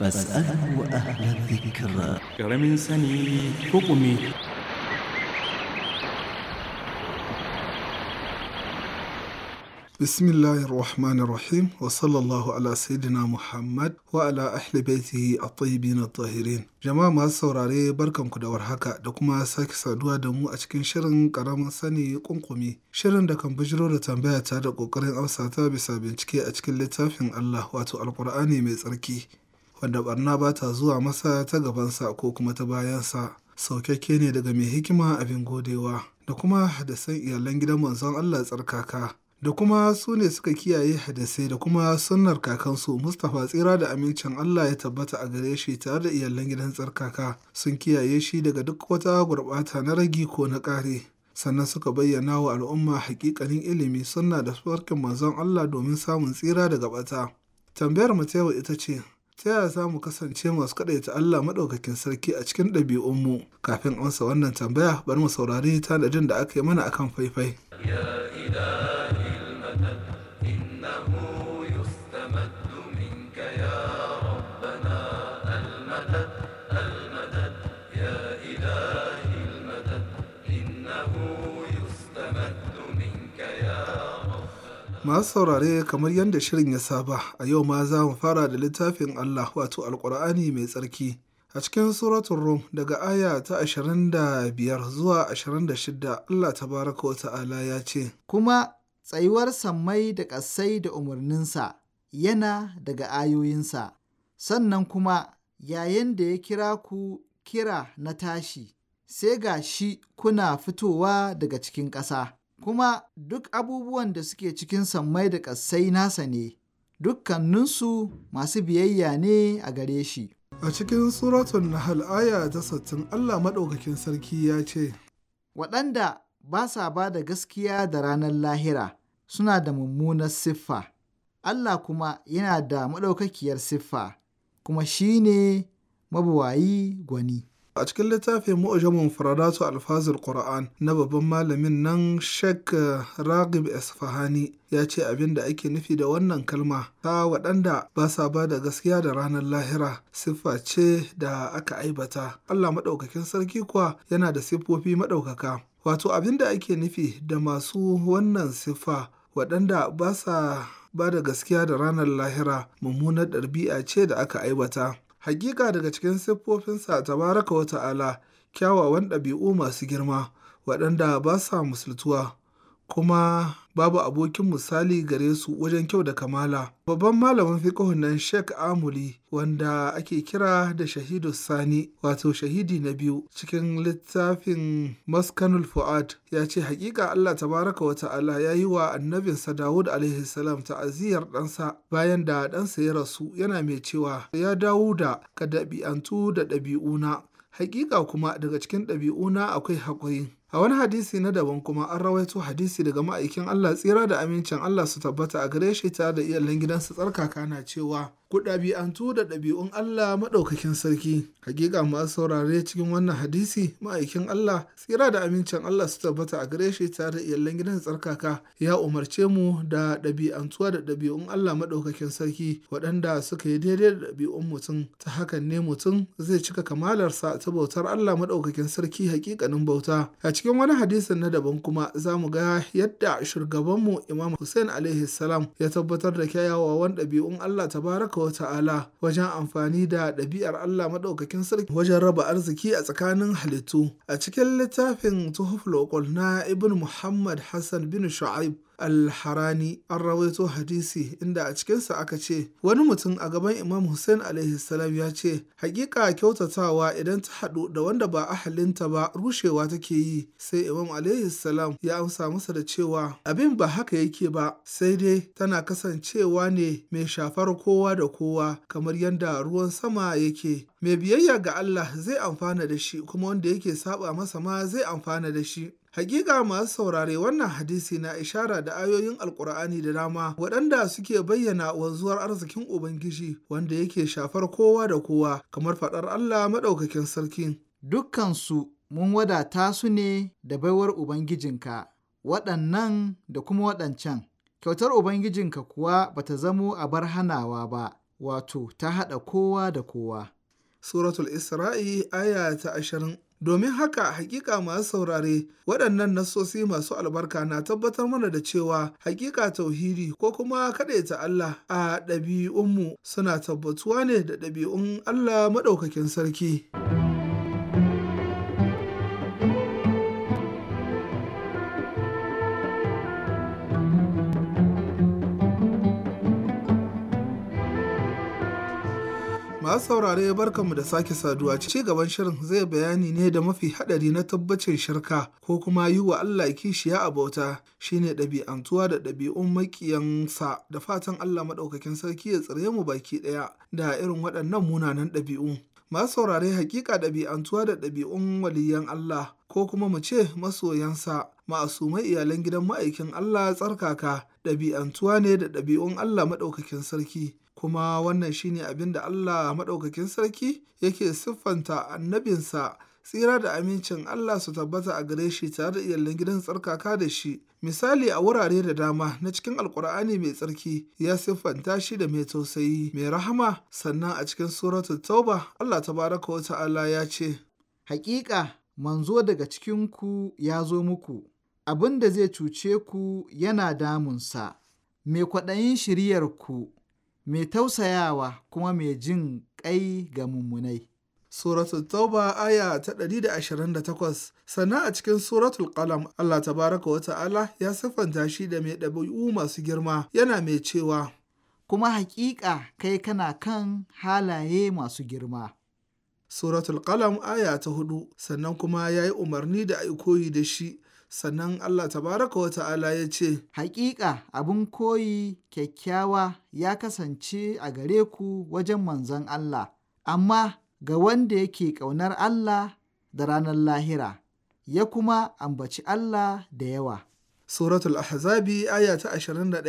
فاسألوا أهل الذكرى ذكر من سني حكمي بسم الله الرحمن الرحيم وصلى الله على سيدنا محمد وعلى أهل بيته الطيبين الطاهرين جماعة ما سوراري بركم كده ورحكا دكما ساكي سادوا دمو أشكين شرن كرام ساني كنقمي شرن دكم بجرو رتنبيه تادق وقرين أو ساتا بسابين شكي أشكين لتافين الله واتو القرآن ميزركي wadda barna ba ta zuwa masa ta gabansa ko kuma ta bayansa saukakke ne daga mai hikima abin godewa da kuma hadasan iyalan gidan manzon Allah tsarkaka da kuma su ne suka kiyaye hadisai da kuma sunnar kakansu Mustapha tsira da amincin Allah ya tabbata a gare shi tare da iyalan gidan tsarkaka sun kiyaye shi daga duk wata gurɓata na ragi ko na kare sannan suka bayyana wa al'umma hakikanin ilimi sunna da farkin manzon Allah domin samun tsira daga bata tambayar mu ta yau ita ce ta yaya za mu kasance masu kaɗaita Allah maɗaukakin sarki a cikin ɗabi'unmu kafin amsa wannan tambaya bari mu saurari tanadin da aka yi mana akan faifai. Masu saurare kamar yadda shirin ya saba, a yau ma za mu fara da littafin Allah wato Alƙur'ani mai tsarki. A cikin suratun Rum daga aya ta 25 zuwa 26 Allah ta baraka wa ta'ala ya ce, Kuma tsayuwar sammai da ƙasai da umarninsa yana daga ayoyinsa, sannan kuma yayin da ya kira ku kira na tashi, sai ga shi kuna fitowa daga cikin ƙasa. kuma duk abubuwan da suke cikin sammai da ƙasai nasa ne, dukkaninsu masu biyayya ne a gare shi. A cikin suratun na hal'aya ta sattin Allah maɗaukakin sarki ya ce, Waɗanda ba sa ba da gaskiya da ranar lahira suna da mummunar siffa, Allah kuma yana da maɗaukakiyar siffa, kuma shi ne mabuwayi gwani. a cikin littafin mu'jamun faradatu alfazul qur'an na babban malamin nan shek eh, ragib isfahani ya ce abin da ake nufi da wannan kalma ta waɗanda ba sa ba da gaskiya da ranar lahira siffa ce da aka aibata allah maɗaukakin sarki kuwa yana da siffofi maɗaukaka wato abin da ake nufi da masu wannan siffa waɗanda ba sa ba da gaskiya da ranar lahira mummunar ɗarbi'a ce da aka aibata Hakika daga cikin siffofinsa baraka wata ala kyawawan ɗabi'u masu girma, waɗanda ba sa musultuwa kuma babu abokin misali gare su wajen kyau da kamala. Babban malamin fiƙohun nan Sheikh Amuli wanda ake kira da Shahidu Sani wato shahidi na biyu cikin littafin Maskanul Fu'ad ya ce hakika Allah tabaraka wa ta'ala ya yi wa annabinsa Dawud alaihi salam ta'aziyar ɗansa bayan da ɗansa ya rasu yana mai cewa ya dawo da ka dabi'antu da ɗabi'una hakika kuma daga cikin ɗabi'una akwai haƙuri A wani hadisi na daban kuma an rawaito hadisi daga ma'aikin Allah tsira da amincin Allah su tabbata a gare shi ta da iyalan gidansa tsarkaka na cewa ku ɗabi'antu da ɗabi'un Allah maɗaukakin sarki. Hakika masu saurare cikin wannan hadisi ma'aikin Allah tsira da amincin Allah su tabbata a gare shi tare da iyalan gidan tsarkaka ya umarce mu da ɗabi'antuwa da ɗabi'un Allah maɗaukakin sarki waɗanda suka yi daidai da ɗabi'un mutum ta hakan ne mutum zai cika kamalarsa ta bautar Allah maɗaukakin sarki hakikanin bauta. A cikin wani hadisin na daban kuma za mu ga yadda shugabanmu Imam Hussein alaihi salam ya tabbatar da kyawawan ɗabi'un Allah tabaraka wa ta'ala wajen amfani da ɗabi'ar Allah maɗaukakin sarki wajen raba arziki a tsakanin halittu. A cikin littafin Tuhuful na Ibn Muhammad Hassan bin Shu'aib alharani an rawaito hadisi inda a cikinsa aka ce wani mutum a gaban imam hussein alaihi ya ce hakika kyautatawa idan ta haɗu da wanda ba ahalinta ba rushewa take yi sai imam alaihi ya amsa masa da cewa abin ba haka yake ba sai dai tana kasancewa ne mai shafar kowa da kowa kamar yadda ruwan sama yake mai biyayya ga Allah zai amfana da shi kuma wanda yake saba masa ma zai amfana da shi Hakika masu saurare wannan hadisi na ishara da ayoyin alkur'ani da dama waɗanda suke bayyana wanzuwar arzikin Ubangiji wanda yake shafar kowa da kowa kamar faɗar Allah maɗaukakin sarki. Dukkansu mun wadata su ne da baiwar Ubangijinka, waɗannan da kuma waɗancan. Kyautar Ubangijinka kuwa bata zamo a bar hanawa ba, wato ta haɗa kowa da kowa. Suratul Isra'i aya ta ashirin Domin haka hakika masu saurare waɗannan nassosi masu albarka na tabbatar mana da cewa hakika tauhidi ko kuma kaɗaita Allah a ɗabi'unmu suna tabbatuwa ne da ɗabi'un Allah maɗaukakin sarki. Masu saurare barkanmu da sake saduwa ci gaban shirin zai bayani ne da mafi haɗari na tabbacin shirka ko kuma yi wa Allah kishiya a bauta shine ɗabi'antuwa da ɗabi'un makiyansa da fatan Allah maɗaukakin sarki ya tsare mu baki ɗaya da irin waɗannan munanan ɗabi'u. Masu saurare hakika ɗabi'antuwa da ɗabi'un waliyan Allah ko kuma mu ce masoyansa ma'asumai iyalan gidan ma'aikin Allah tsarkaka ɗabi'antuwa ne da ɗabi'un Allah maɗaukakin sarki kuma wannan shine abin da Allah maɗaukakin sarki yake siffanta annabinsa tsira da amincin Allah su tabbata a gare shi tare da iyalan gidan tsarkaka da shi misali a wurare da dama na cikin alkur'ani mai tsarki ya siffanta shi da mai tausayi mai rahama sannan a cikin suratul tauba Allah tabaraka wa ta'ala ya ce hakika manzo daga cikin ku ya zo muku abin da zai cuce ku yana damunsa mai kwaɗayin shiryar ku mai tausayawa kuma mai jin ƙai ga mummunai. Suratul Tauba aya ta ɗari da da ashirin 128 sannan a cikin Suratul Qalam Allah tabaraka wa ta'ala ya siffanta shi da mai ɗabi'u masu girma yana mai cewa kuma haƙiƙa kai kana kan halaye masu girma. Suratul Qalam aya ta hudu sannan kuma ya yi umarni da a koyi da shi sannan Allah tabaraka wa ta'ala ya ce, Hakika abin koyi kyakkyawa ya kasance a gare ku wajen manzon Allah, amma ga wanda yake ƙaunar Allah da ranar lahira, ya kuma ambaci Allah da yawa. Suratul Ahzabi aya ta 21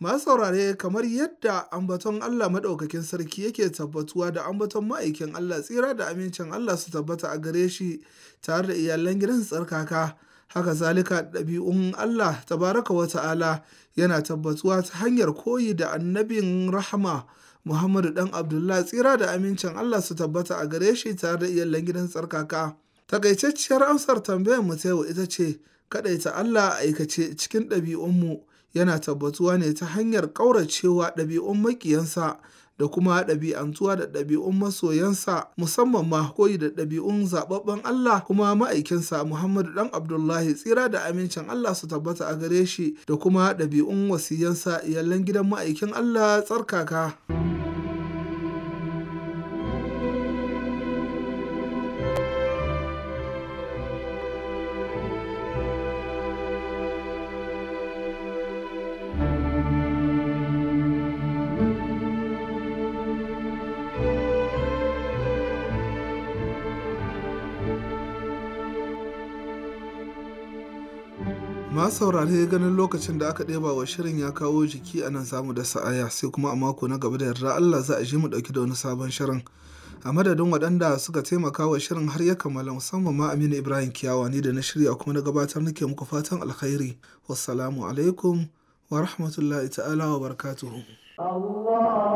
Masu saurare kamar yadda ambaton Allah maɗaukakin sarki yake tabbatuwa da ambaton ma'aikin Allah tsira da amincin Allah su tabbata a gare shi tare da iyalan gidan tsarkaka. haka zalika ɗabi'un Allah tabaraka wa ta'ala yana tabbatuwa ta hanyar koyi da annabin rahama Muhammadu ɗan Abdullah tsira da amincin Allah su tabbata a gare shi tare da iyalan gidan tsarkaka. Takaitacciyar amsar tambayar mu ta yau ita ce kaɗaita Allah a aikace cikin ɗabi'unmu yana tabbatuwa ne ta hanyar ƙauracewa ɗabi'un maƙiyansa da kuma ɗabi'antuwa da ɗabi'un masoyansa musamman ma koyi da ɗabi'un zaɓaɓɓen Allah kuma ma'aikinsa Muhammadu dan Abdullahi tsira da amincin Allah su tabbata a gare shi da kuma ɗabi'un wasiyansa iyalan gidan ma'aikin Allah tsarkaka. Ma saurari ganin lokacin da aka ɗeba wa shirin ya kawo jiki a nan zamu da sa'aya sai kuma a mako na gaba da yarda Allah za a je mu ɗauki da wani sabon shirin a madadin waɗanda suka taimaka wa shirin har ya kammala musamman ma Aminu Ibrahim Kiyawa ni da na shirya kuma na gabatar nake muku fatan alkhairi wassalamu alaikum wa rahmatullahi ta'ala wa barakatuhu